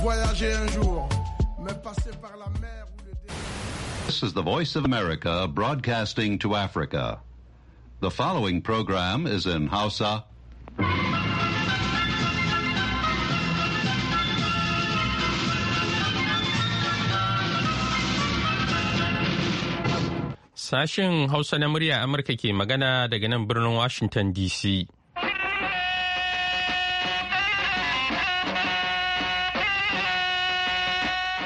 voyager un jour, mais passer par la mer ou le This is the Voice of America broadcasting to Africa. The following program is in Hausa. Sashen Hausa na murya Amurka ke magana daga nan birnin Washington DC.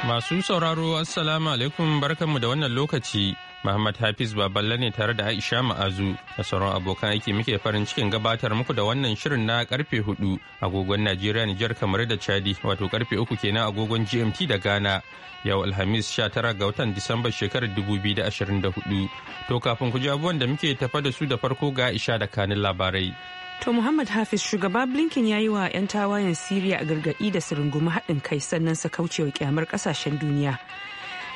Masu sauraro Assalamu alaikum barkanmu da wannan lokaci. Muhammad Hafiz Baballe ne tare da Aisha Ma'azu da sauran abokan aiki muke farin cikin gabatar muku da wannan shirin na karfe hudu agogon Najeriya Nijar kamar da Chadi wato karfe uku kenan agogon GMT da Ghana yau Alhamis 19 ga watan Disamba shekarar 2024. To kafin ku ji abubuwan da muke tafa da su da farko ga Aisha da kanin labarai. To Muhammad Hafiz shugaba Blinken ya yi wa 'yan tawayen Siriya a gargaɗi da su rungumi haɗin kai sannan su kaucewa kyamar ƙasashen duniya.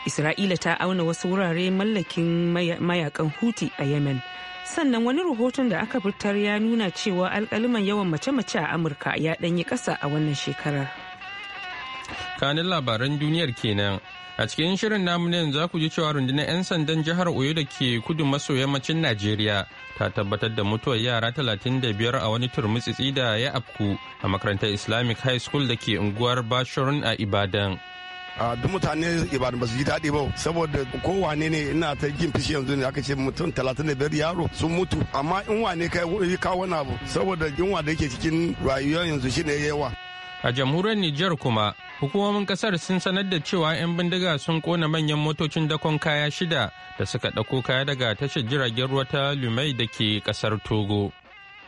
Isra'ila ta auna wasu wurare mallakin mayakan Huti a Yemen. Sannan wani rahoton da aka fitar ya nuna cewa alkaliman yawan mace-mace a Amurka ya ɗanyi ƙasa a wannan shekarar. kanin labaran duniyar kenan a cikin shirin namu ne za ku ji cewa rundunar 'yan sandan jihar oyo da ke kudu maso yammacin najeriya ta tabbatar da mutuwar yara 35 a wani turmutsitsi da ya afku a makarantar islamic high school da ke unguwar bashirun a ibadan duk mutane ibadan ba su ji daɗi ba saboda kowane ne ina ta jin fishi yanzu ne aka ce mutum 35 yaro sun mutu amma in wane kai kawo wani abu saboda in wane yake cikin rayuwa yanzu shine yawa A jamhuriyar Nijar kuma, hukumomin kasar sun sanar da cewa 'yan bindiga sun kona manyan motocin dakon kaya shida da suka ɗauko kaya daga tashar jiragen ruwa ta Lumai da ke kasar Togo.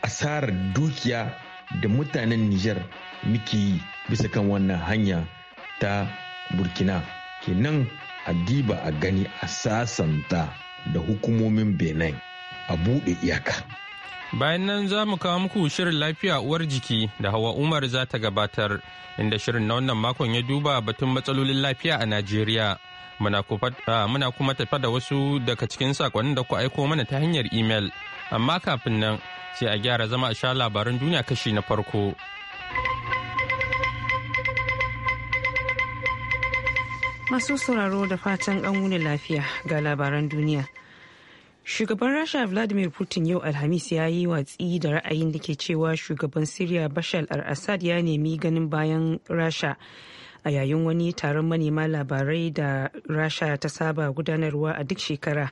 Asarar dukiya da mutanen Nijar muke yi bisa kan wannan hanya ta Burkina. Kenan a diba a gani a sasanta da hukumomin Benin a buɗe iyaka. Bayan nan za mu kawo muku shirin lafiya uwar jiki da Hawa Umar za ta gabatar, inda shirin na wannan makon ya duba batun matsalolin lafiya a Najeriya. Muna ah, kuma tafa da wasu daga cikin sakonnin da ku aiko mana ta hanyar imel. Amma kafin nan sai a gyara zama a sha labaran duniya kashi na farko. Masu sauraro da fatan an wuni lafiya ga labaran duniya. Shugaban Rasha Vladimir Putin yau Alhamis ya yi watsi da ra'ayin da ke cewa shugaban Siriya Bashar al-Assad ya nemi ganin bayan Rasha a yayin wani taron manema labarai da Rasha ta saba gudanarwa a duk shekara.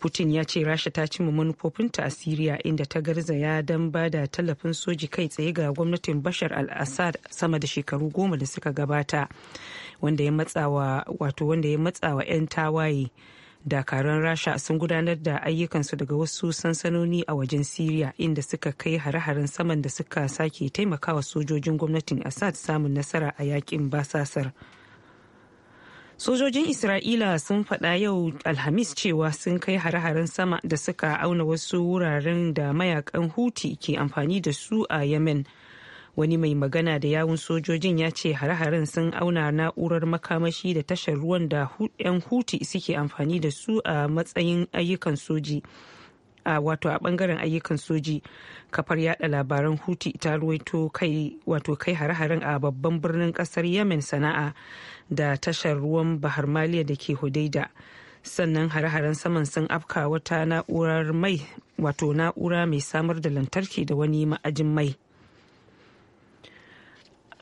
Putin ya ce Rasha ta cimma manufofinta a Siriya inda ta garzaya don ba da tallafin soji kai tsaye ga gwamnatin Bashar al-Assad sama da shekaru goma da suka gabata wanda ya matsawa 'yan tawaye. dakarun rasha sun gudanar da ayyukansu daga wasu sansanoni a wajen syria inda suka kai hare-haren saman da suka sake taimakawa sojojin gwamnatin assad samun nasara a yakin basasar sojojin isra'ila sun faɗa yau alhamis cewa sun kai hare-haren sama da suka auna wasu wuraren da mayakan huti ke amfani da su a yemen wani mai magana da yawun sojojin ya ce har-harin sun auna na'urar makamashi da tashar ruwan da 'yan huti suke amfani da su a matsayin ayyukan soji a wato a bangaren ayyukan soji kafar yada labaran huti ta ruwaito kai wato kai har-harin a babban birnin kasar yemen sana'a da tashar ruwan bahar maliya da ke hudaida sannan har haren saman sun afka wata na'urar mai wato na'ura mai samar da lantarki da wani ma'ajin mai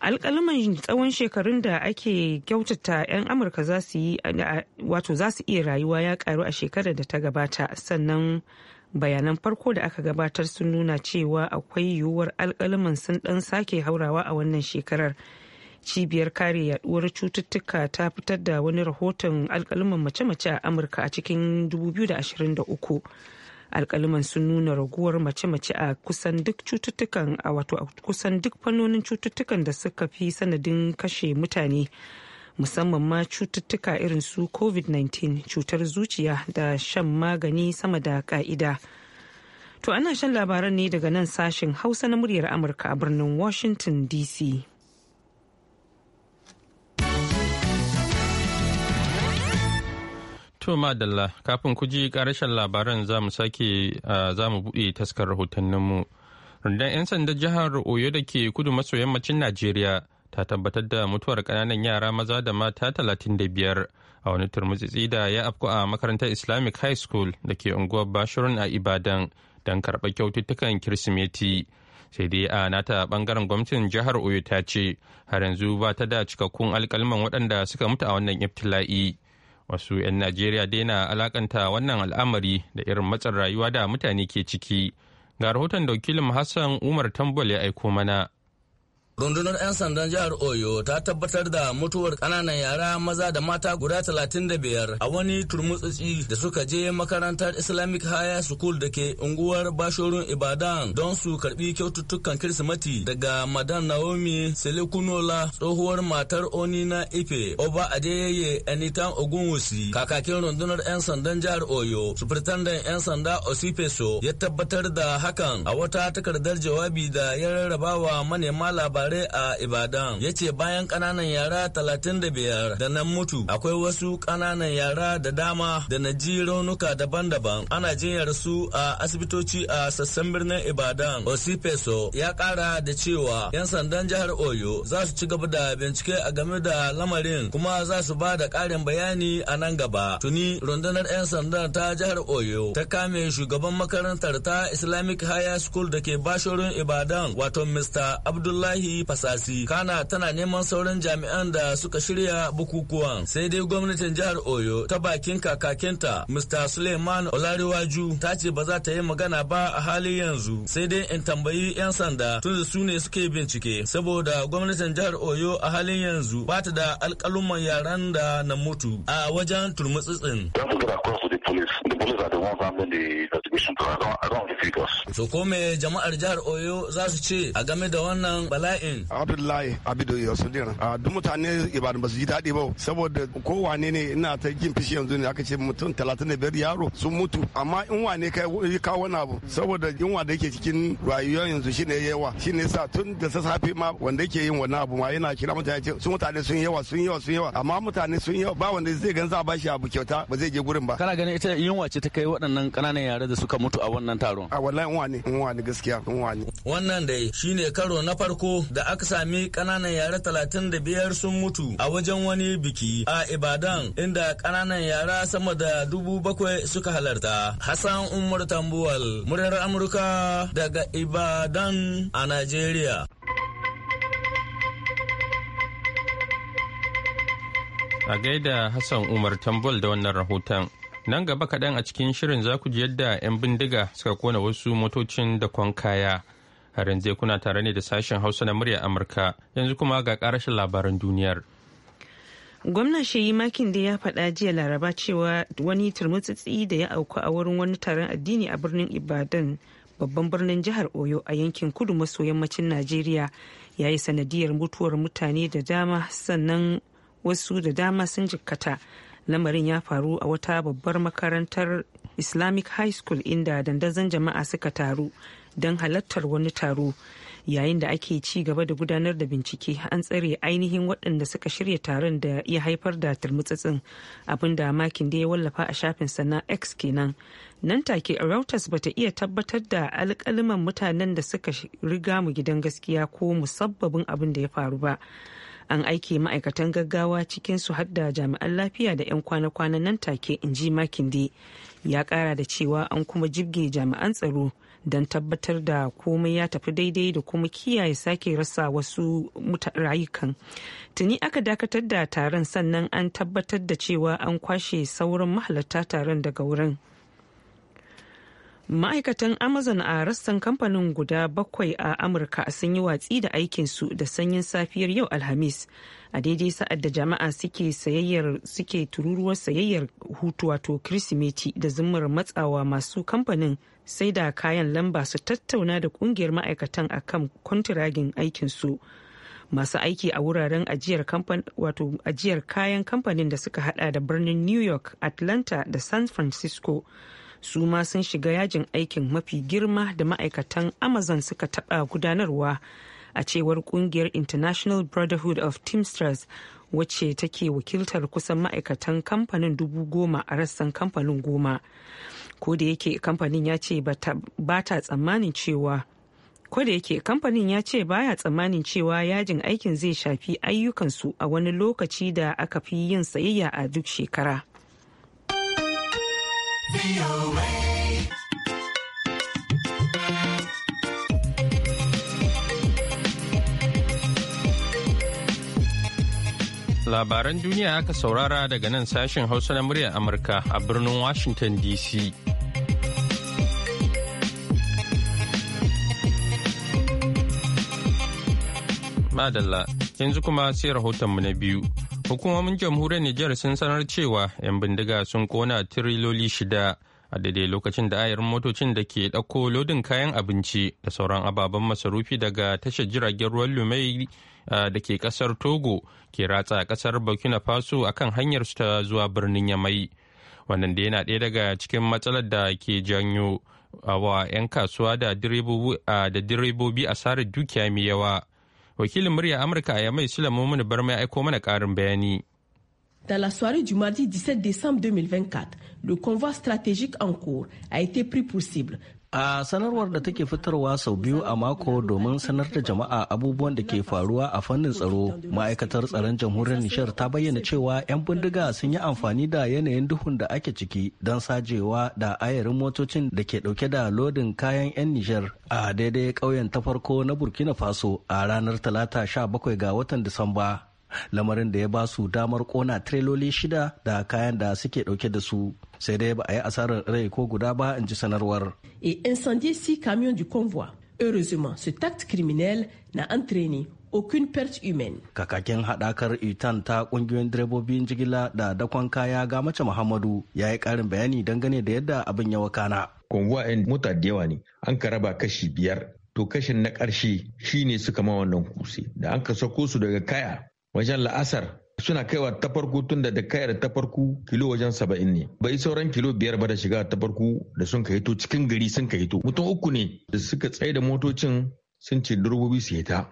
alkalaman tsawon shekarun da ake kyautata 'yan amurka za su wato za iya rayuwa ya karu a shekarar da ta gabata sannan bayanan farko da aka gabatar sun nuna cewa akwai yiwuwar alkalaman sun dan sake haurawa a wannan shekarar cibiyar kare yaduwar cututtuka ta fitar da wani rahoton alkalaman mace-mace a amurka a cikin 2023 alkaliman sun nuna raguwar mace-mace a kusan duk cututtukan a wato a kusan duk fannonin cututtukan da suka fi sanadin kashe mutane musamman ma cututtuka irin su covid-19 cutar zuciya da shan magani sama da ka'ida to ana shan labaran ne daga nan sashen hausa na muryar amurka a birnin washington dc To madalla kafin ku ji karashen labaran za mu sake za mu buɗe taskar rahotanninmu. Rundunar 'yan sandan jihar Oyo da ke kudu maso yammacin Najeriya ta tabbatar da mutuwar ƙananan yara maza da mata talatin da biyar a wani turmutsitsi da ya afku a makarantar Islamic High School da ke unguwar Bashirun a Ibadan don karba kyaututtukan Kirsimeti. sai dai a nata bangaren gwamnatin jihar oyo ta ce har yanzu ba ta da cikakkun alkalman waɗanda suka mutu a wannan iftilai. wasu 'yan najeriya daina alakanta wannan al'amari da irin matsin rayuwa da mutane ke ciki ga rahoton da wakilin hassan umar tambol ya aiko mana rundunar 'yan sandan jihar oyo ta tabbatar da mutuwar ƙananan yara maza da mata guda 35 a wani turmutsutsi da suka je makarantar islamic higher school da ke unguwar bashorun ibadan don su karbi kyaututtukan kirsimati daga madan naomi selekunola tsohuwar matar onina ife oba adeyeye anytime ogunwusi kakakin rundunar 'yan sandan jihar oyo sufurtandan 'yan sanda osifeso ya tabbatar da hakan a wata takardar jawabi da ya rarrabawa manema labarai yare a Ibadan ya ce bayan ƙananan yara talatin da biyar da nan mutu akwai wasu ƙananan yara da dama da na ji raunuka daban-daban ana jinyar su a asibitoci a sassan birnin Ibadan. Osifeso ya ƙara da cewa 'yan sandan jihar Oyo za su ci gaba da bincike a game da lamarin kuma za su ba da ƙarin bayani a nan gaba. Tuni rundunar 'yan sandan ta jihar Oyo ta kame shugaban makarantar ta Islamic Higher School da ke Bashorin Ibadan wato Mr. Abdullahi fasasi kana tana neman sauran jami'an da suka shirya bukukuwan sai dai gwamnatin jihar oyo ta bakin kakakinta mr suleiman olariwaju ta ce ba za ta yi magana ba a halin yanzu sai dai in tambayi 'yan sanda tun da su ne suke bincike saboda gwamnatin jihar oyo a halin yanzu ba ta da alkaluman yaran da na mutu a wajen turmutsutsin. police. The police are the ones handling the investigation. So I don't, I don't have the figures. So kome jama'ar jihar Oyo za su ce a game da wannan bala'in? Abdullahi Abido ya su Yasuliran. A duk mutane Ibadan ba su ji daɗi ba saboda kowane ne ina ta jin fishi yanzu ne aka ce mutum talatin da biyar yaro sun mutu amma in wane kai kawo na abu saboda in da yake cikin rayuwa yanzu shine yawa shine sa tun da sassafe ma wanda yake yin wannan abu ma yana kira mutane ce sun mutane sun yawa sun yawa sun yawa amma mutane sun yawa ba wanda zai gan za a bashi abu kyauta ba zai je gurin ba. Kana ganin ita yunwa ce ta kai waɗannan ƙananan yare da suka mutu a wannan taron a wallahi yunwa ne yunwa ne gaskiya yunwa ne wannan dai shine karo na farko da aka sami ƙananan yare talatin da biyar sun mutu a wajen wani biki a Ibadan inda ƙananan yara sama da dubu bakwai suka halarta Hassan Umar Tambuwal muryar Amurka daga Ibadan a Najeriya a gaida Hassan Umar Tambol da wannan rahoton. Nan gaba kaɗan a cikin shirin za ku ji yadda 'yan bindiga suka kona wasu motocin da kwan kaya. Har yanzu kuna tare ne da sashen Hausa na murya Amurka yanzu kuma ga ƙarashin labaran duniyar. gwamna shayi makin da ya faɗa jiya laraba cewa wani turmutsitsi da ya auku a wurin wani taron addini a birnin ibadan babban birnin jihar oyo a yankin kudu maso yammacin najeriya ya yi sanadiyar mutuwar mutane da dama sannan wasu da dama sun jikkata lamarin ya faru a wata babbar makarantar islamic high school inda dandazon jama'a suka taru don halartar wani taro yayin da ake ci gaba da gudanar da bincike an tsare ainihin waɗanda suka shirya taron da ya haifar da turmutsatsin da makin da ya wallafa a shafin sana x kenan nan take reuters bata iya tabbatar da alƙaliman mutanen da suka riga mu gidan gaskiya ko musabbabin abin da ya faru ba an aiki ma'aikatan gaggawa cikinsu hadda jami'an lafiya da 'yan kwana-kwanan nan take in ji makinde ya kara da cewa an kuma jibge jami'an tsaro don tabbatar da komai ya tafi daidai da kuma kiyaye sake rasa wasu rayukan tuni aka dakatar da taron sannan an tabbatar da cewa an kwashe sauran mahalarta taron daga wurin ma'aikatan amazon a rassan kamfanin guda bakwai a amurka sun yi watsi da aikinsu da sanyin safiyar yau alhamis a daidai sa'ad da jama'a suke sayayyar tururuwar sayayyar hutu wato kirsimeti da zumar matsawa masu kamfanin sai da kayan lamba su tattauna da kungiyar ma'aikatan akan kwantiragin aikinsu masu aiki a wuraren wato ajiyar kayan kamfanin da suka hada da birnin new york atlanta da san francisco su ma sun shiga yajin aikin mafi girma da ma'aikatan amazon suka taɓa gudanarwa a cewar kungiyar international brotherhood of teamsters wacce take wakiltar kusan ma'aikatan kamfanin dubu goma a rassan kamfanin goma ko da yake kamfanin ya ce ba ta tsammanin cewa ko da yake kamfanin ya ce baya tsammanin cewa yajin aikin zai shafi ayyukansu a wani lokaci da aka fi yin sayayya a duk shekara Labaran duniya aka saurara daga nan sashen Hausa na muryar Amurka a birnin Washington DC. Madalla, yanzu kuma sai rahotonmu na biyu. Hukumomin jamhuriyar Nijar sun sanar cewa 'yan bindiga sun kona tiriloli shida a daidai lokacin da ayarin motocin da ke ɗauko lodin kayan abinci da sauran ababen masarufi daga tashar jiragen ruwan Lumai da ke ƙasar Togo ke ratsa ƙasar Burkina Faso a kan hanyar su ta zuwa birnin Yamai. Wannan da yana ɗaya daga cikin matsalar da ke janyo wa 'yan kasuwa da direbobi asarar dukiya mai yawa. Dans la soirée du mardi 17 décembre 2024, le convoi stratégique en cours a été pris pour cible A sanarwar da take fitarwa sau biyu a mako domin sanar da jama'a abubuwan da ke faruwa a fannin tsaro, ma'aikatar tsaron jamhuriyar Nishar ta bayyana cewa 'yan bindiga sun yi amfani da yanayin duhun da ake ciki don sajewa da ayarin motocin da ke dauke da lodin kayan 'yan Nishar a daidai ƙauyen ta farko na Burkina Faso a ranar Talata 17 ga watan Disamba. lamarin da ya ba su damar kona tireloli shida da kayan da suke dauke da su sai dai ba a yi asarar rai ko guda ba in ji sanarwar. Et incendie six camions du convoi. Heureusement, ce tact criminel n'a entraîné aucune perte humaine. Kakakin haɗakar Itan ta ƙungiyoyin direbobin jigila da dakon kaya ga mace Muhammadu ya yi karin bayani dangane da yadda abin ya wakana. Konvuwa ɗin mota da yawa ne, an ka raba kashi biyar. To kashin na ƙarshe shine suka ma wannan kuse. Da an ka sako su daga kaya wajen la'asar suna kaiwa ta farko tun da kayar ta farko kilo wajen saba'in ne bai sauran kilo biyar ba da shiga ta farko da sun ka hito cikin gari sun ka hito mutum uku ne da suka tsaye da motocin sun ce durobobi su hita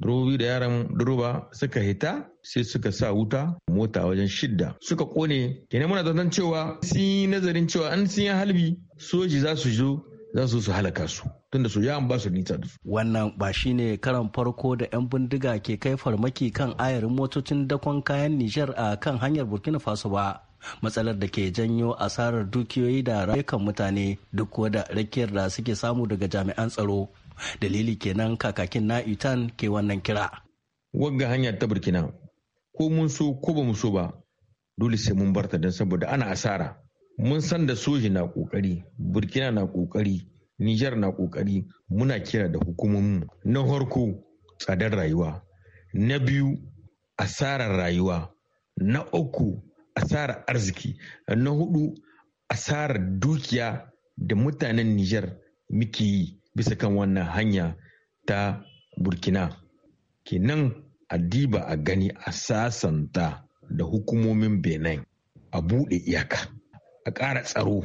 durobobi da yaran duroba suka hita sai suka sa wuta mota wajen shidda suka kone kenan muna zaton cewa sun yi nazarin cewa an sun yi halbi soji za su zo za su su halaka su tunda su ya ba su nita da su. Wannan ba shi ne karan farko da 'yan bindiga ke kai farmaki kan ayarin motocin dakon kayan Nijar a kan hanyar Burkina Faso ba. Matsalar da ke janyo asarar dukiyoyi da rayukan mutane duk da rakiyar da suke samu daga jami'an tsaro. Dalili kenan kakakin na Itan ke wannan kira. Wagga hanyar ta Burkina ko mun so ko ba mu so ba dole sai mun barta don saboda ana asara. Mun san da soji na kokari, Burkina na kokari, Nijar na ƙoƙari muna kira da hukumomin na farko tsadar rayuwa, na biyu asarar rayuwa, na uku asarar arziki, na hudu asarar dukiya da mutanen Nijar muke yi bisa kan wannan hanya ta Burkina. Kenan a diba a gani a sasanta da hukumomin Benin a buɗe iyaka, a ƙara tsaro.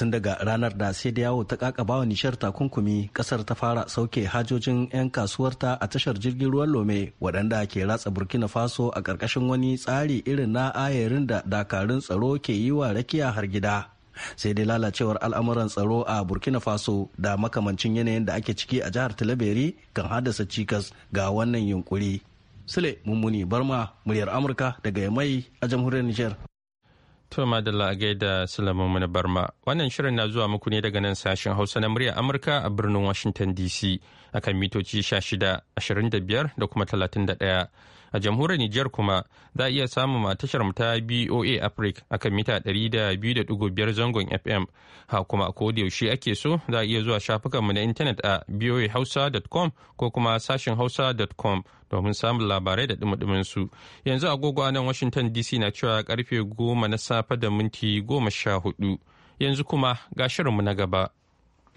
tun daga ranar da sai da yawo ta kakabawa nishar takunkumi kasar ta fara sauke hajojin 'yan kasuwarta a tashar jirgin ruwan lome waɗanda ke ratsa burkina faso a ƙarƙashin wani tsari irin na ayarin da dakarun tsaro ke yi wa rakiya har gida sai dai lalacewar al'amuran tsaro a burkina faso da makamancin yanayin da ake ciki a jihar talaberi kan haddasa cikas ga wannan yunkuri sule mummuni barma muryar amurka daga yamai a jamhuriyar nijar. To Madalla a gaida Sulaiman Mani Barma. Wannan shirin na zuwa muku ne daga nan sashen Hausa na murya Amurka a birnin Washington DC akan mitoci 16, 25 da kuma 31. A jamhuriyar Nijar kuma za a iya samun tashar ta BOA Africa a kan mita 200.5 zangon FM. Ha kuma a yaushe ake so za a iya zuwa shafukanmu na intanet a boahausa.com ko kuma sashin hausa.com domin samun labarai da dumudumin su. Yanzu agogo nan Washington DC na cewa karfe goma na safe da minti goma sha hudu. Yanzu kuma ga shirinmu na gaba.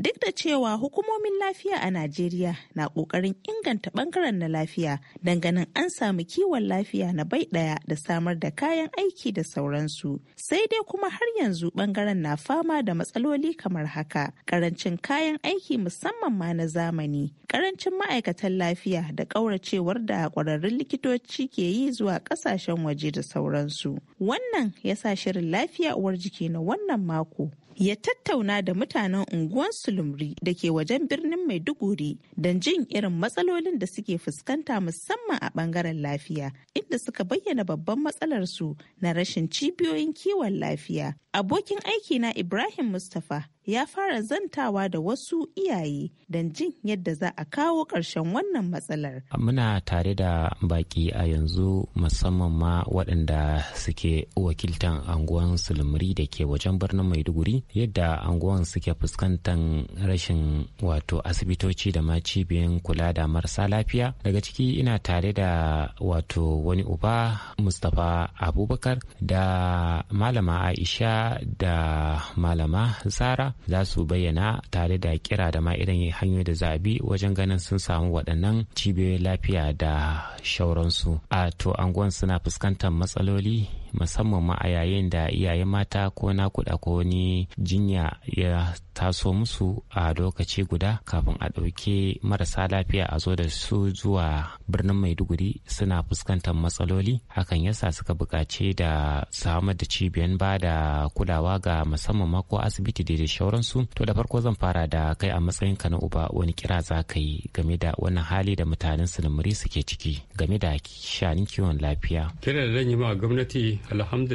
Duk da cewa hukumomin lafiya a Najeriya na ƙoƙarin inganta ɓangaren na lafiya danganin an samu kiwon lafiya na bai ɗaya da samar da kayan aiki da sauransu. Sai dai kuma har yanzu ɓangaren na fama da matsaloli kamar haka. Ƙarancin kayan aiki musamman ma na zamani, ƙarancin ma'aikatan lafiya da ƙauracewar da ƙwararrun likitoci ke yi zuwa ƙasashen waje da sauransu. Wannan ya sa shirin lafiya uwar jiki na wannan mako ya tattauna da mutanen unguwan sulumri da ke wajen birnin maiduguri don jin irin matsalolin da suke fuskanta musamman a bangaren lafiya inda suka bayyana babban matsalarsu na rashin cibiyoyin kiwon lafiya abokin aiki na ibrahim mustapha ya fara zantawa da wasu iyaye don jin yadda za a kawo ƙarshen wannan matsalar. Muna tare da baki a yanzu musamman ma waɗanda suke wakiltan anguwan sulmuri da ke wajen birnin Maiduguri yadda anguwan suke fuskantar rashin wato asibitoci da ma cibiyan kula da marasa lafiya. Daga ciki ina tare da wato wani uba Mustapha Abubakar da malama Aisha da malama Zara za su bayyana tare da kira da ma irin hanyoyi da zabi wajen ganin sun samu waɗannan cibiyoyin lafiya da shauransu a to anguwan suna fuskantar matsaloli musamman ma a yayin da iyaye mata ko nakuda ko wani jinya ya taso musu a lokaci guda kafin a ɗauke marasa lafiya a zo da su zuwa birnin maiduguri suna fuskantar matsaloli hakan yasa suka buƙaci da samar da cibiyan ba da kulawa ga musamman ma ko asibiti da shauransu to da farko zan fara da kai a matsayin ka na uba wani kira za ka yi game da wannan hali da mutanen sinimiri suke ciki game da shanin kiwon lafiya kira da zan yi ma gwamnati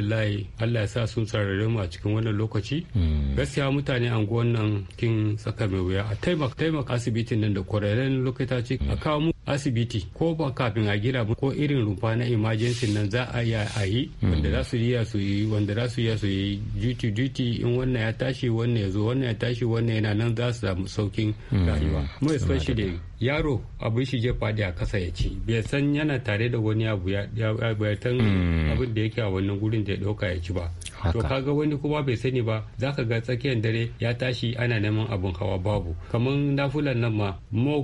dai allah ya sa sun sararre mu a cikin wannan lokaci hmm. gaskiya mutane anguwan nan kin tsaka mai wuya a taimaka taimaka asibitin nan da kwararren lokaci a kawo mu asibiti ko ba kafin a gina ko irin rumfa na emergency nan za a iya a yi hmm. wanda za su iya su yi wanda za su iya su yi duty duty in wannan ya tashi wannan ya zo wannan ya tashi wannan yana nan za su samu saukin hmm. rayuwa mu especially yaro abin shi je fadi a kasa ya ci bai san yana tare da wani abu ya tan hmm. abin da yake a wannan gurin da ya dauka ya ci ba to kaga wani kuma bai sani ba zaka ga tsakiyar dare ya tashi ana neman abin hawa babu kamar nafulan nan ma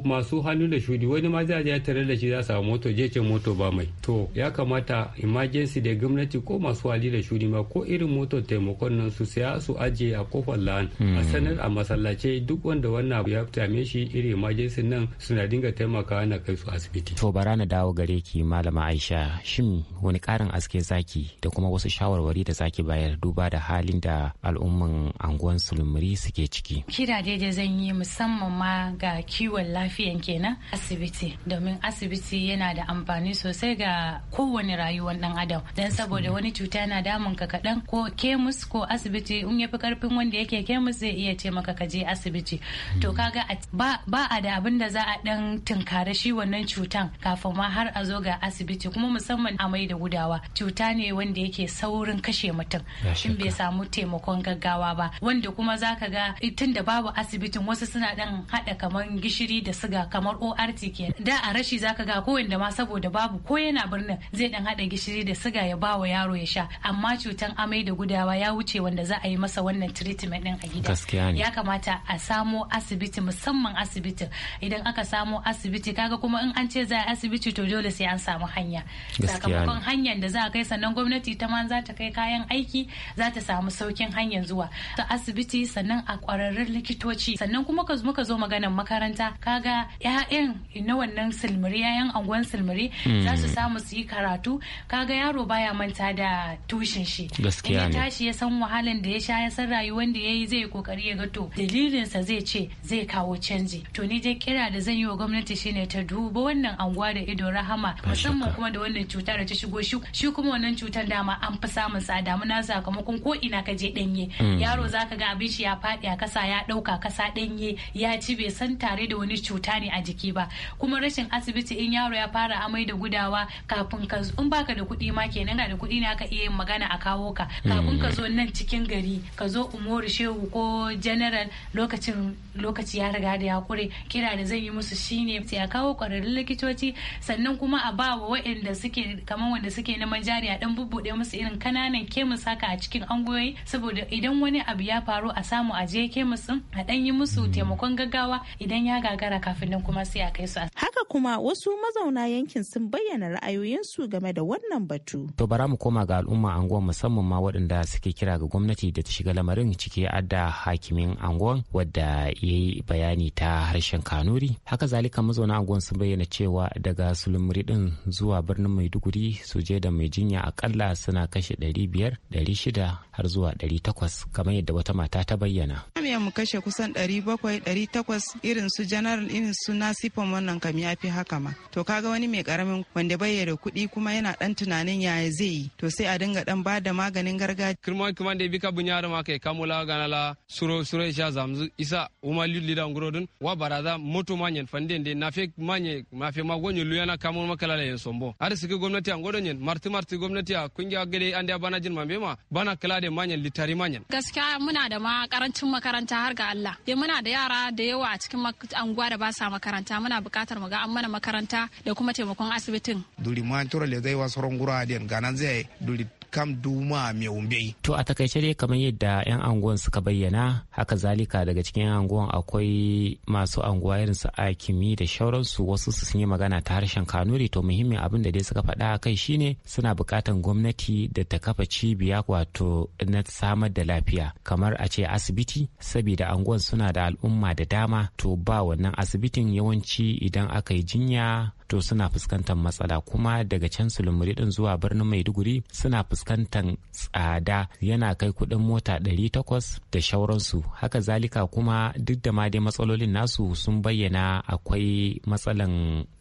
masu hannu da shudi wani ma za ya tare da shi za su moto je moto ba mai to ya kamata emergency da gwamnati ko masu hali da shudi ma ko irin moto taimakon nan su saya su ajiye a kofar lan a hmm. sanar a masallace duk wanda wannan abu ya same shi irin emergency nan suna dinga taimaka na kai su asibiti to bara na dawo gare ki malama Aisha shin wani karin aske zaki da kuma wasu shawarwari da zaki bayar duba da halin da al'umman anguwan sulmuri suke ciki. Kira dai da zan yi musamman ma ga kiwon lafiyan kenan asibiti domin asibiti yana da amfani sosai ga kowane rayuwar dan adam dan saboda wani cuta na damun ka kaɗan ko kemus ko asibiti in ya fi karfin wanda yake kemus zai iya ce maka ka je asibiti to hmm. kaga ba a da abin da za a dan tunkari shi wannan cutan kafin ma har a zo ga asibiti kuma musamman amai da gudawa cuta ne wanda yake saurin kashe mutum in bai samu taimakon gaggawa ba wanda kuma za ka ga eh, tun da babu asibitin wasu suna dan hada kamar gishiri da siga kamar ORT ke da a rashi za ka ga ko da ma saboda babu ko yana birnin zai dan hada gishiri da siga ya bawa yaro ya sha amma cutan amai da gudawa ya wuce wanda za a yi masa wannan treatment din a gida ya kamata a samo asibiti musamman asibiti idan aka samo asibiti kaga kuma in an ce za a asibiti to dole sai an samu hanya sakamakon hanyar da za a kai sannan gwamnati ta ma za ta kai kayan aiki za ta samu saukin hanyar zuwa ta asibiti sannan a kwararrun likitoci sannan kuma ka muka zo maganar makaranta kaga yayan na wannan silmiri ƴaƴan anguwan silmiri hmm. za su samu su yi karatu kaga yaro baya manta da tushen shi in ya tashi ya san wahalan da ya sha ya san rayuwar da yi zai kokari ya ga to dalilinsa zai ce zai kawo canji to ni dai kira da zan yi wa gwamnati shine ta duba wannan anguwa da ido rahama musamman kuma da wannan cutar da ta shigo shi kuma wannan cutar dama an fi samun sa damuna sakamakon ko ina ka je danye mm. yaro zaka ga abin shi ya faɗi a kasa ya ɗauka kasa danye ya ci bai san tare da wani cuta ne a jiki ba kuma rashin asibiti in yaro ya fara amai da gudawa kafin ka in baka da kuɗi ma kenan ga da kuɗi ne aka iya yin magana a kawo ka kafin ka mm. zo nan cikin gari ka zo umaru shehu ko general lokacin lokaci ya riga da ya kure kira da zan yi musu shine sai a kawo kwararrun likitoci sannan kuma a ba wa waɗanda suke kamar wanda suke neman jari a dan bubbuɗe musu irin kananan kemis haka a cikin angoyi saboda idan wani abu ya faru a samu a je kemis musu a dan yi musu hmm. taimakon gaggawa idan ya gagara kafin nan kuma sai a kai su haka kuma wasu mazauna yankin sun bayyana ra'ayoyin su game da wannan batu to bara mu koma ga al'umma anguwan musamman ma waɗanda suke kira ga gwamnati da ta shiga lamarin ciki adda hakimin anguwan wadda ya yi bayani ta harshen kanuri haka zalika mazauna anguwan sun bayyana cewa daga sulumuri din zuwa birnin maiduguri su je da mai jinya akalla suna kashe 500 600 har zuwa 800 kamar yadda wata mata ta bayyana. Kamiya mu kashe kusan 700 800 irin su general irin su nasifan wannan kam ya fi haka ma. To kaga wani mai karamin wanda bayyana da kuɗi kuma yana dan tunanin yaya zai yi to sai a dinga dan ba da maganin gargajiya. Kirma kuma da bika bunyar ma kai kamula la suro suro isha zamzu isa uma lida ngurodun wa baraza moto manyan fanden de nafe manye mafe magonyo luyana kamun makala yin sombo. Har suke gwamnati an gwadon yin marti marti gwamnati a kungiya gade an da bana jin mambe ma bana kula da manyan litari manyan. Gaskiya muna da ma karancin makaranta har ga Allah. Ya muna da yara da yawa a cikin anguwa da ba sa makaranta muna buƙatar mu ga an mana makaranta da kuma taimakon asibitin. Duri ma tura le zai wasu rungura a gana ganan zai duri kam duma mai umbe. To a takaice dai kamar yadda 'yan anguwan suka bayyana haka zalika daga cikin 'yan anguwan akwai masu anguwa irin su akimi da shauransu wasu su sun yi magana ta harshen kanuri to muhimmin abin da dai suka faɗa a kai shine suna buƙatan gwamnati da ta kafa cibiya wato na samar da lafiya kamar a ce asibiti saboda anguwan suna da al'umma da dama to ba wannan asibitin yawanci idan aka yi jinya to suna fuskantar matsala kuma daga can sulumuri din zuwa birnin maiduguri suna fuskantar tsada yana kai kudin mota 800 da shauransu haka zalika kuma duk da ma dai matsalolin nasu sun bayyana akwai matsalan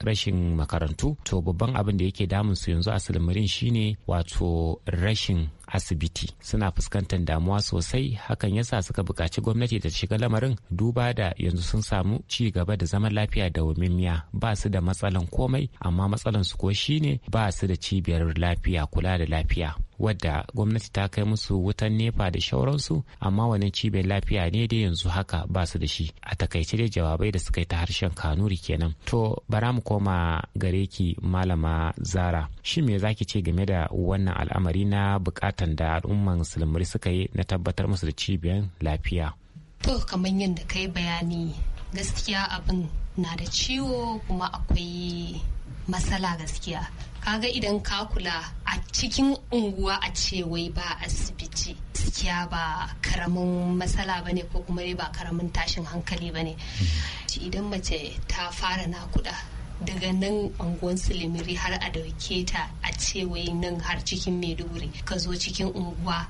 rashin makarantu to babban abin da yake damun su yanzu a sulumurin shine wato rashin asibiti suna fuskantar damuwa sosai hakan yasa suka buƙaci gwamnati ta shiga lamarin duba da yanzu sun samu ci gaba da zaman lafiya da wumimmiya ba su da matsalan komai amma matsalan su ko shine ba su da cibiyar lafiya kula da lafiya wadda gwamnati ta kai musu wutan nefa da shauransu amma wani cibiyar lafiya ne da yanzu haka ba su da shi a takaice dai jawabai da suka yi ta harshen kanuri kenan to bara mu koma gare ki malama zara shi me zaki ce game da wannan al'amari na bukatan da al'umman musulmai suka yi na tabbatar musu da cibiyar lafiya to kamar yadda kai bayani gaskiya abin na da ciwo kuma akwai matsala gaskiya kaga idan ka kula a cikin unguwa a ce wai ba asibiti gaskiya ba karamin matsala ba ne ko kuma ba karamin tashin hankali ba ne mm. idan mace ta fara nakuda daga nan unguwan silimiri har a dauke ta a ce wai nan har cikin maiduguri ka zo cikin unguwa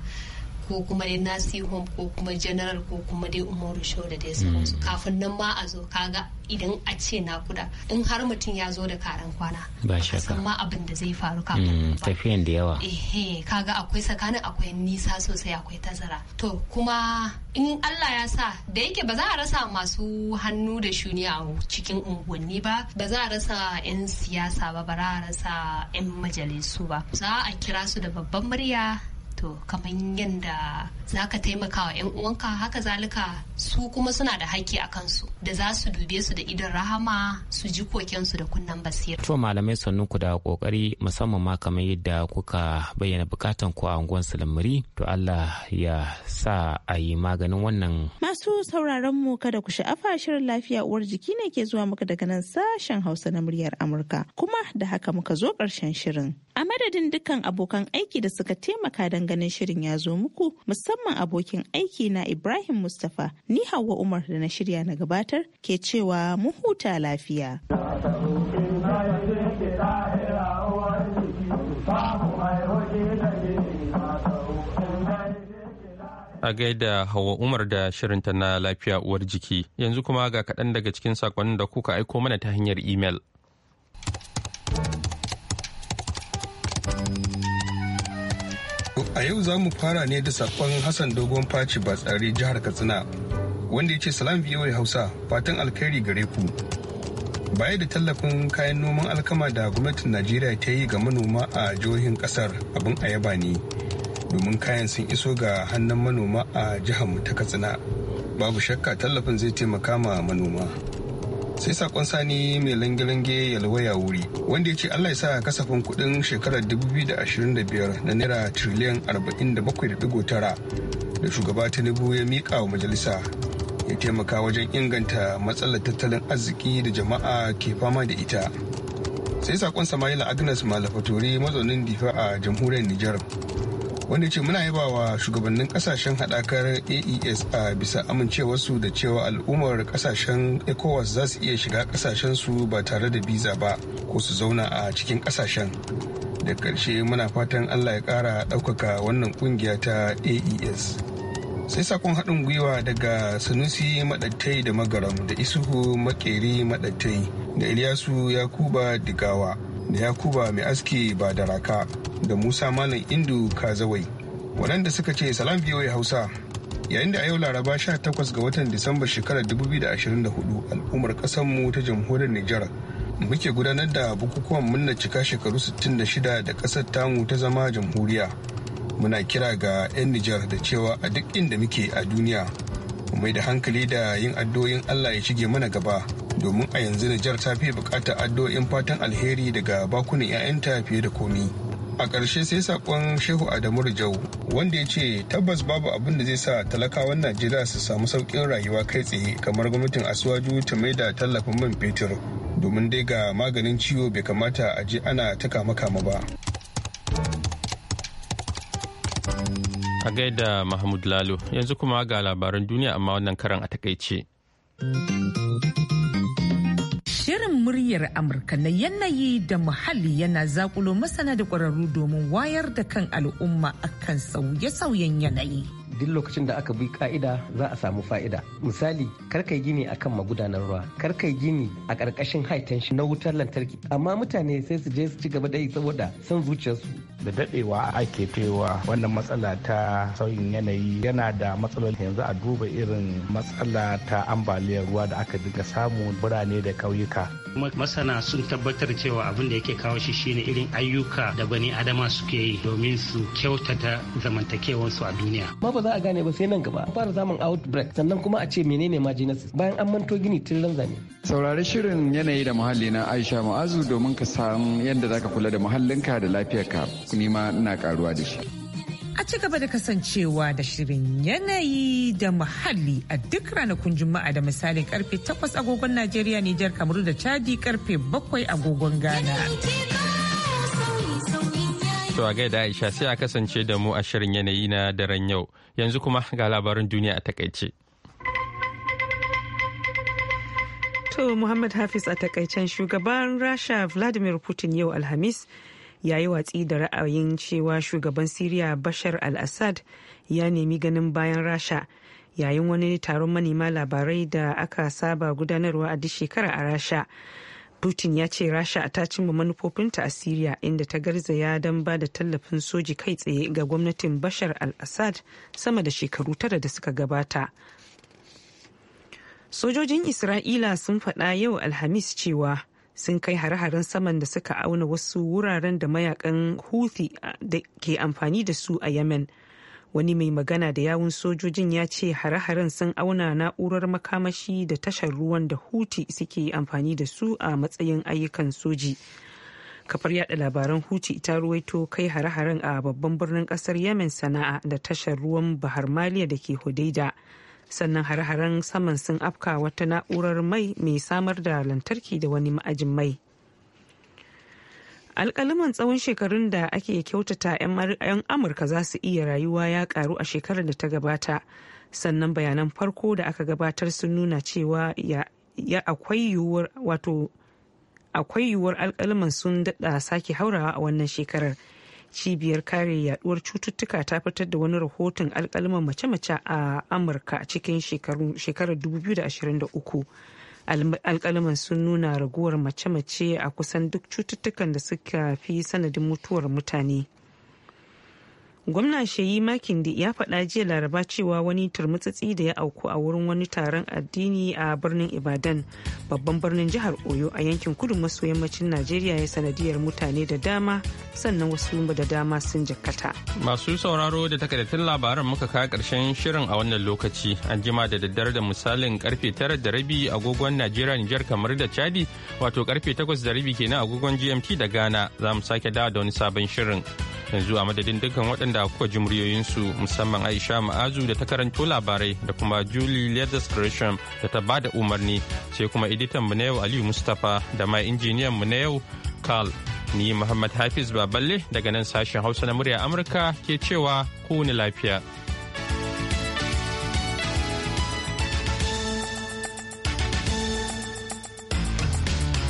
ko kuma dai nasihom ko kuma general ko kuma dai umaru show da dai sauransu hmm. kafin nan ma a zo kaga idan a ce nakuda in har mutum ya zo da karan kwana ba san ma abin da zai faru kafin hmm, tafiyan da yawa eh kaga akwai tsakanin akwai nisa sosai akwai tazara to kuma in Allah ya sa da yake ba za a rasa masu hannu da shuni a cikin unguwanni ba ba za a rasa 'yan siyasa ba ba za a rasa 'yan majalisu ba za a kira su da babban murya to kamar yadda za ka taimaka wa 'yan uwanka haka zalika su kuma suna da haƙƙi a kansu da za su dube su da idan rahama su ji kokensu da kunnan basira. to malamai sannu ku da kokari musamman ma kamar yadda kuka bayyana bukatan ku a unguwar sulmuri to allah ya sa a yi maganin wannan. masu sauraron mu kada ku sha'afa shirin lafiya uwar jiki ne ke zuwa muka daga nan sashen hausa na muryar amurka kuma da haka muka zo ƙarshen shirin A madadin dukkan abokan aiki da suka taimaka don ganin shirin ya zo muku musamman abokin aiki na Ibrahim Mustapha ni Hauwa Umar da na shirya na gabatar ke cewa mu huta lafiya. A gaida Hauwa Umar da shirinta na lafiya uwar jiki yanzu kuma ga kaɗan daga cikin sakonnin da kuka aiko mana ta hanyar imel. A yau za mu fara ne da sakon Hassan Dogon Faci ba tsare jihar Katsina wanda ya ce salam ya Hausa fatan alkhairi gare ku. Baya da tallafin kayan noman alkama da gwamnatin Najeriya ta yi ga manoma a jihohin kasar abin ayaba ne domin kayan sun iso ga hannun manoma a jihar mu ta Katsina. Babu shakka tallafin zai taimaka ma manoma. sai sakon sani mai langilange ya ya wuri wanda ya ce allah ya sa kasafin kudin shekarar 2025 na naira triliyan 47.9 da shugaba tinubu ya miƙa wa majalisa ya taimaka wajen inganta matsalar tattalin arziki da jama'a ke fama da ita sai sakon samaila agnes malafatori mazaunin difa a jamhuriyar nijar wanda ce muna yaba wa shugabannin kasashen hadakar aes a bisa amincewarsu da cewa al'ummar kasashen ecowas za su iya shiga kasashen su ba tare da biza ba ko su zauna a cikin kasashen da ƙarshe muna fatan allah ya ƙara ɗaukaka wannan ƙungiya ta aes sai sakon haɗin gwiwa daga sanusi maɗattai da magaram da isuhu makeri maɗattai da iliyasu yakuba digawa da yakuba mai aski ba da raka da musa malam indu kazawai waɗanda suka ce salam ya hausa yayin da a yau laraba 18 ga watan disamba shekarar 2024 al'ummar ƙasarmu ta jamhuriyar nijar muke gudanar da bukukuwan murnar cika shekaru 66 da ƙasar tamu ta zama jamhuriya muna kira ga 'yan nijar da cewa a duk inda muke a duniya mai da hankali da yin addu'o'in allah ya shige mana gaba domin a yanzu Nijar ta fi bukatar addu'o'in fatan alheri daga bakunan 'ya'yanta fiye da komi. A ƙarshe sai saƙon Shehu Adamu Rijau wanda ya ce tabbas babu abin da zai sa talakawan Najeriya su samu sauƙin rayuwa kai tsaye kamar gwamnatin Asuwaju ta mai da tallafin man fetur domin dai ga maganin ciwo bai kamata a je ana ta kama kama ba. A gaida Mahmud Lalo yanzu kuma ga labaran duniya amma wannan karan a takaice. muryar Amurka na yanayi da muhalli yana zakulo masana da ƙwararru domin wayar da kan al'umma akan sauye-sauyen yanayi. duk lokacin da aka bi ka'ida za a samu fa'ida misali karkai yi gini kan magudanar ruwa karkai yi gini a ƙarƙashin haitan shi na wutar lantarki amma mutane sai su je su ci gaba da yi saboda son zuciyarsu da dadewa ake cewa wannan matsala ta sauyin yanayi yana da matsaloli yanzu a duba irin matsala ta ambaliyar ruwa da aka dinga samu birane da kauyuka. masana sun tabbatar cewa abin da yake kawo shi shine irin ayyuka da bani adama suke yi domin su kyautata zamantakewarsu a duniya ba za a gane ba sai nan gaba fara samun outbreak sannan kuma a ce menene ma genesis bayan an manto gini tun ran zane saurari shirin yanayi da muhalli na Aisha ma'azu domin ka san yadda zaka kula da muhallinka da lafiyarka ni ma ina karuwa da shi a ci gaba da kasancewa da shirin yanayi da muhalli a duk ranakun juma'a da misalin karfe 8 agogon najeriya nijar kamaru da chadi karfe 7 agogon ghana To a gaida Aisha sai a kasance da mu a shirin yanayi na daren yau. Yanzu kuma ga labarin duniya a takaice. To Muhammad Hafiz a takaicen shugaban Rasha Vladimir Putin yau Alhamis ya yi watsi da ra'ayin cewa shugaban Siriya Bashar al-Assad ya nemi ganin bayan Rasha yayin wani taron manema labarai da aka saba gudanarwa a duk shekara a Rasha. Putin ya ce Rasha ta cimma manufofinta a Siriya inda ta garzaya don ba da tallafin soji kai tsaye ga gwamnatin Bashar al-Assad sama da shekaru tara da suka gabata. Sojojin Isra'ila sun faɗa yau Alhamis cewa sun kai hare-haren saman da suka auna wasu wuraren da mayakan Houthi da ke amfani da su a Yemen. wani mai magana da yawun sojojin ya ce hare-haren sun auna na'urar makamashi da tashar ruwan da huti suke amfani da su a matsayin ayyukan soji kafar yada labaran huti ta ruwaito kai hare-haren a babban birnin kasar yemen sana'a da tashar ruwan bahar maliya da ke hudaida sannan hare-haren saman sun afka wata na'urar mai mai samar da lantarki da wani ma'ajin mai alkaliman tsawon shekarun da ake kyautata 'yan amurka za su iya rayuwa ya karu a shekarar da ta gabata sannan bayanan farko da aka gabatar sun nuna cewa ya akwai yiwuwar wato akwai yiwuwar alkaliman sun daɗa sake haurawa a wannan shekarar cibiyar kare yaduwar cututtuka ta fitar da wani rahoton alkaliman mace-mace a amurka cikin shekarar 2023 alkalaman sun nuna raguwar mace-mace a kusan duk cututtukan da suka fi sanadin mutuwar mutane gwamna shayi makindi ya faɗa jiya laraba cewa wani turmutsatsi da ya auku a wurin wani taron addini a birnin ibadan babban birnin jihar oyo a yankin kudu maso yammacin najeriya ya sanadiyar mutane da dama sannan wasu da dama sun jakkata masu sauraro da takaddatun labaran muka kawo karshen shirin a wannan lokaci an jima da daddare da misalin karfe tara da rabi agogon najeriya nijar kamar da chadi wato karfe takwas da rabi kenan agogon gmt da ghana za mu sake dawo da wani sabon shirin yanzu a madadin dukkan waɗanda kuka ji muryoyinsu musamman aisha ma'azu da ta karanto labarai da kuma julie leathers gresham da ta ba da umarni sai kuma editan mu na yau aliyu mustapha da ma injiniyan mu na yau carl ni muhammad hafiz baballe daga nan sashen hausa na murya amurka ke cewa kowane lafiya